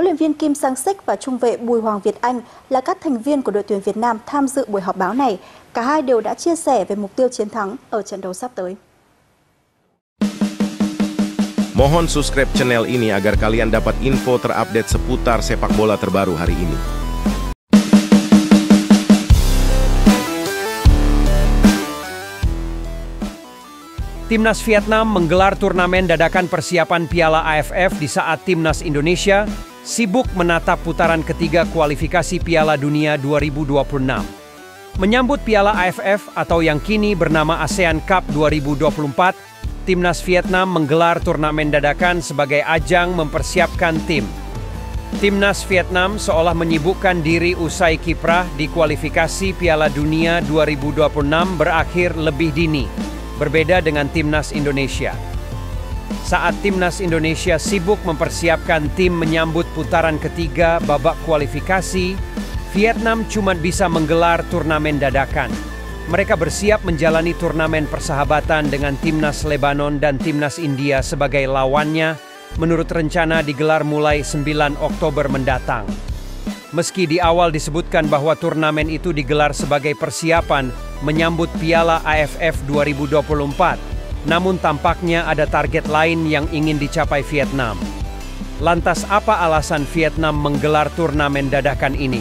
huấn luyện viên Kim Sang Sik và trung vệ Bùi Hoàng Việt Anh là các thành viên của đội tuyển Việt Nam tham dự buổi họp báo này. Cả hai đều đã chia sẻ về mục tiêu chiến thắng ở trận đấu sắp tới. Mohon subscribe channel ini agar kalian dapat info terupdate seputar sepak bola terbaru hari ini. Timnas Vietnam menggelar turnamen dadakan persiapan Piala AFF di saat Timnas Indonesia sibuk menatap putaran ketiga kualifikasi Piala Dunia 2026. Menyambut Piala AFF atau yang kini bernama ASEAN Cup 2024, timnas Vietnam menggelar turnamen dadakan sebagai ajang mempersiapkan tim. Timnas Vietnam seolah menyibukkan diri usai kiprah di kualifikasi Piala Dunia 2026 berakhir lebih dini, berbeda dengan timnas Indonesia saat timnas Indonesia sibuk mempersiapkan tim menyambut putaran ketiga babak kualifikasi, Vietnam cuma bisa menggelar turnamen dadakan. Mereka bersiap menjalani turnamen persahabatan dengan timnas Lebanon dan timnas India sebagai lawannya, menurut rencana digelar mulai 9 Oktober mendatang. Meski di awal disebutkan bahwa turnamen itu digelar sebagai persiapan menyambut Piala AFF 2024, namun tampaknya ada target lain yang ingin dicapai Vietnam. Lantas apa alasan Vietnam menggelar turnamen dadakan ini?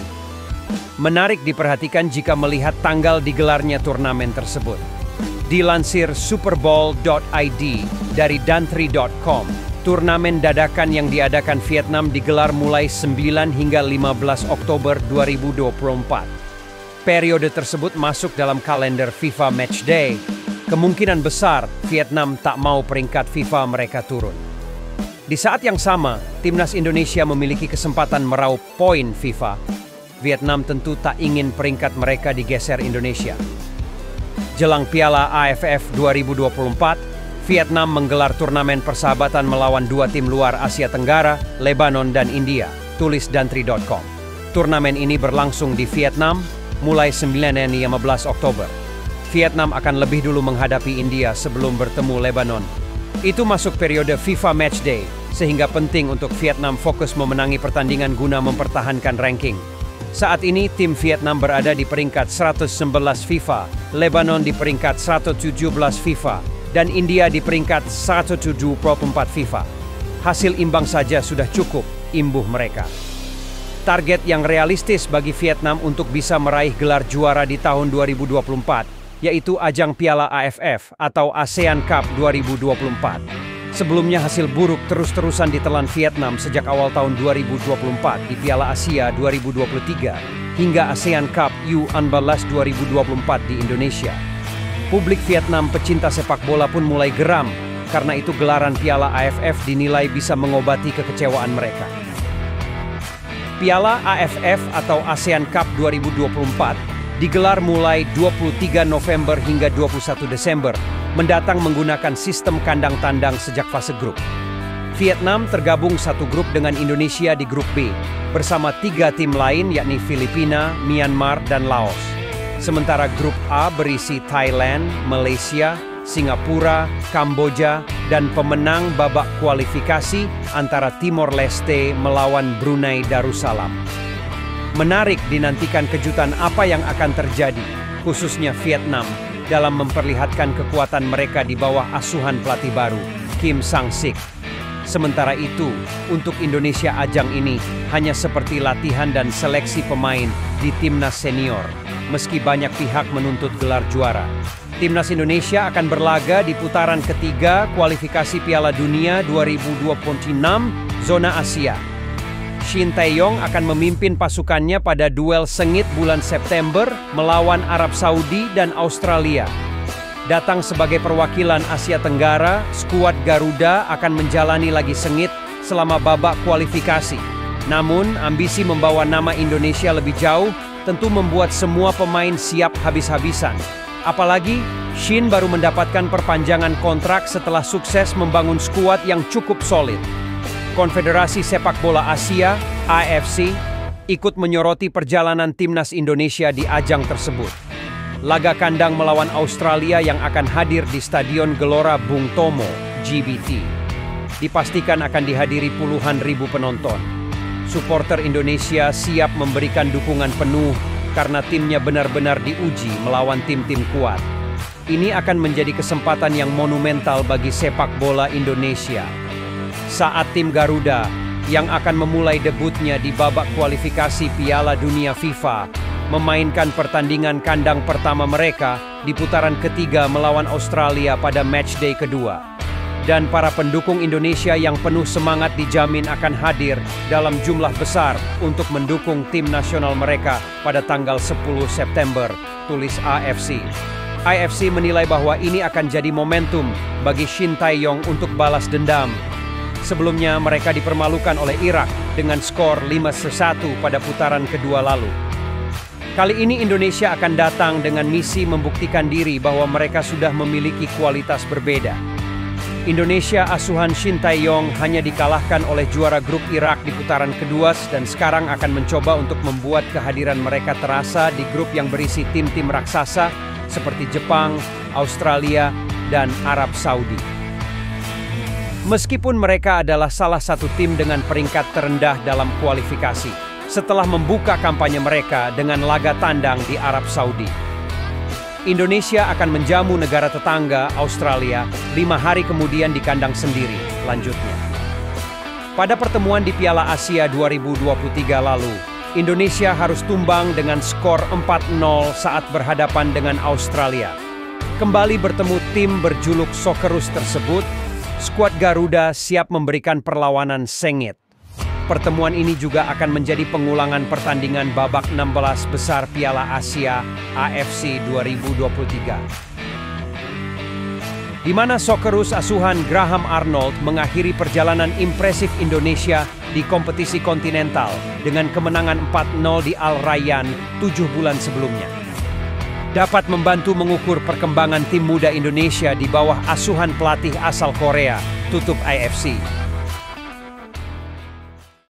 Menarik diperhatikan jika melihat tanggal digelarnya turnamen tersebut. Dilansir superbowl.id dari dantri.com, turnamen dadakan yang diadakan Vietnam digelar mulai 9 hingga 15 Oktober 2024. Periode tersebut masuk dalam kalender FIFA Matchday Kemungkinan besar Vietnam tak mau peringkat FIFA mereka turun. Di saat yang sama, timnas Indonesia memiliki kesempatan meraup poin FIFA. Vietnam tentu tak ingin peringkat mereka digeser Indonesia. Jelang Piala AFF 2024, Vietnam menggelar turnamen persahabatan melawan dua tim luar Asia Tenggara, Lebanon dan India, tulis dantri.com. Turnamen ini berlangsung di Vietnam mulai 9 dan 15 Oktober. Vietnam akan lebih dulu menghadapi India sebelum bertemu Lebanon. Itu masuk periode FIFA Match Day, sehingga penting untuk Vietnam fokus memenangi pertandingan guna mempertahankan ranking. Saat ini tim Vietnam berada di peringkat 111 FIFA, Lebanon di peringkat 117 FIFA, dan India di peringkat 174 FIFA. Hasil imbang saja sudah cukup imbuh mereka. Target yang realistis bagi Vietnam untuk bisa meraih gelar juara di tahun 2024 yaitu ajang Piala AFF atau ASEAN Cup 2024. Sebelumnya hasil buruk terus-terusan ditelan Vietnam sejak awal tahun 2024 di Piala Asia 2023 hingga ASEAN Cup U14 2024 di Indonesia. Publik Vietnam pecinta sepak bola pun mulai geram karena itu gelaran Piala AFF dinilai bisa mengobati kekecewaan mereka. Piala AFF atau ASEAN Cup 2024 digelar mulai 23 November hingga 21 Desember, mendatang menggunakan sistem kandang tandang sejak fase grup. Vietnam tergabung satu grup dengan Indonesia di grup B, bersama tiga tim lain yakni Filipina, Myanmar, dan Laos. Sementara grup A berisi Thailand, Malaysia, Singapura, Kamboja, dan pemenang babak kualifikasi antara Timor Leste melawan Brunei Darussalam. Menarik dinantikan kejutan apa yang akan terjadi, khususnya Vietnam, dalam memperlihatkan kekuatan mereka di bawah asuhan pelatih baru, Kim Sang-sik. Sementara itu, untuk Indonesia ajang ini hanya seperti latihan dan seleksi pemain di timnas senior, meski banyak pihak menuntut gelar juara. Timnas Indonesia akan berlaga di putaran ketiga kualifikasi Piala Dunia 2026 zona Asia Shin Taeyong akan memimpin pasukannya pada duel sengit bulan September melawan Arab Saudi dan Australia. Datang sebagai perwakilan Asia Tenggara, skuad Garuda akan menjalani lagi sengit selama babak kualifikasi. Namun, ambisi membawa nama Indonesia lebih jauh tentu membuat semua pemain siap habis-habisan. Apalagi, Shin baru mendapatkan perpanjangan kontrak setelah sukses membangun skuad yang cukup solid. Konfederasi Sepak Bola Asia, AFC, ikut menyoroti perjalanan timnas Indonesia di ajang tersebut. Laga kandang melawan Australia yang akan hadir di Stadion Gelora Bung Tomo, GBT. Dipastikan akan dihadiri puluhan ribu penonton. Supporter Indonesia siap memberikan dukungan penuh karena timnya benar-benar diuji melawan tim-tim kuat. Ini akan menjadi kesempatan yang monumental bagi sepak bola Indonesia saat tim Garuda yang akan memulai debutnya di babak kualifikasi Piala Dunia FIFA memainkan pertandingan kandang pertama mereka di putaran ketiga melawan Australia pada matchday kedua. Dan para pendukung Indonesia yang penuh semangat dijamin akan hadir dalam jumlah besar untuk mendukung tim nasional mereka pada tanggal 10 September, tulis AFC. AFC menilai bahwa ini akan jadi momentum bagi Shin Tae-yong untuk balas dendam Sebelumnya mereka dipermalukan oleh Irak dengan skor 5-1 pada putaran kedua lalu. Kali ini Indonesia akan datang dengan misi membuktikan diri bahwa mereka sudah memiliki kualitas berbeda. Indonesia asuhan Shin Tae Yong hanya dikalahkan oleh juara grup Irak di putaran kedua dan sekarang akan mencoba untuk membuat kehadiran mereka terasa di grup yang berisi tim-tim raksasa seperti Jepang, Australia, dan Arab Saudi. Meskipun mereka adalah salah satu tim dengan peringkat terendah dalam kualifikasi, setelah membuka kampanye mereka dengan laga tandang di Arab Saudi. Indonesia akan menjamu negara tetangga, Australia, lima hari kemudian di kandang sendiri, lanjutnya. Pada pertemuan di Piala Asia 2023 lalu, Indonesia harus tumbang dengan skor 4-0 saat berhadapan dengan Australia. Kembali bertemu tim berjuluk Sokerus tersebut Skuad Garuda siap memberikan perlawanan sengit. Pertemuan ini juga akan menjadi pengulangan pertandingan babak 16 besar Piala Asia AFC 2023. Di mana Sokerus asuhan Graham Arnold mengakhiri perjalanan impresif Indonesia di kompetisi kontinental dengan kemenangan 4-0 di Al Rayyan 7 bulan sebelumnya dapat membantu mengukur perkembangan tim muda Indonesia di bawah asuhan pelatih asal Korea, tutup IFC.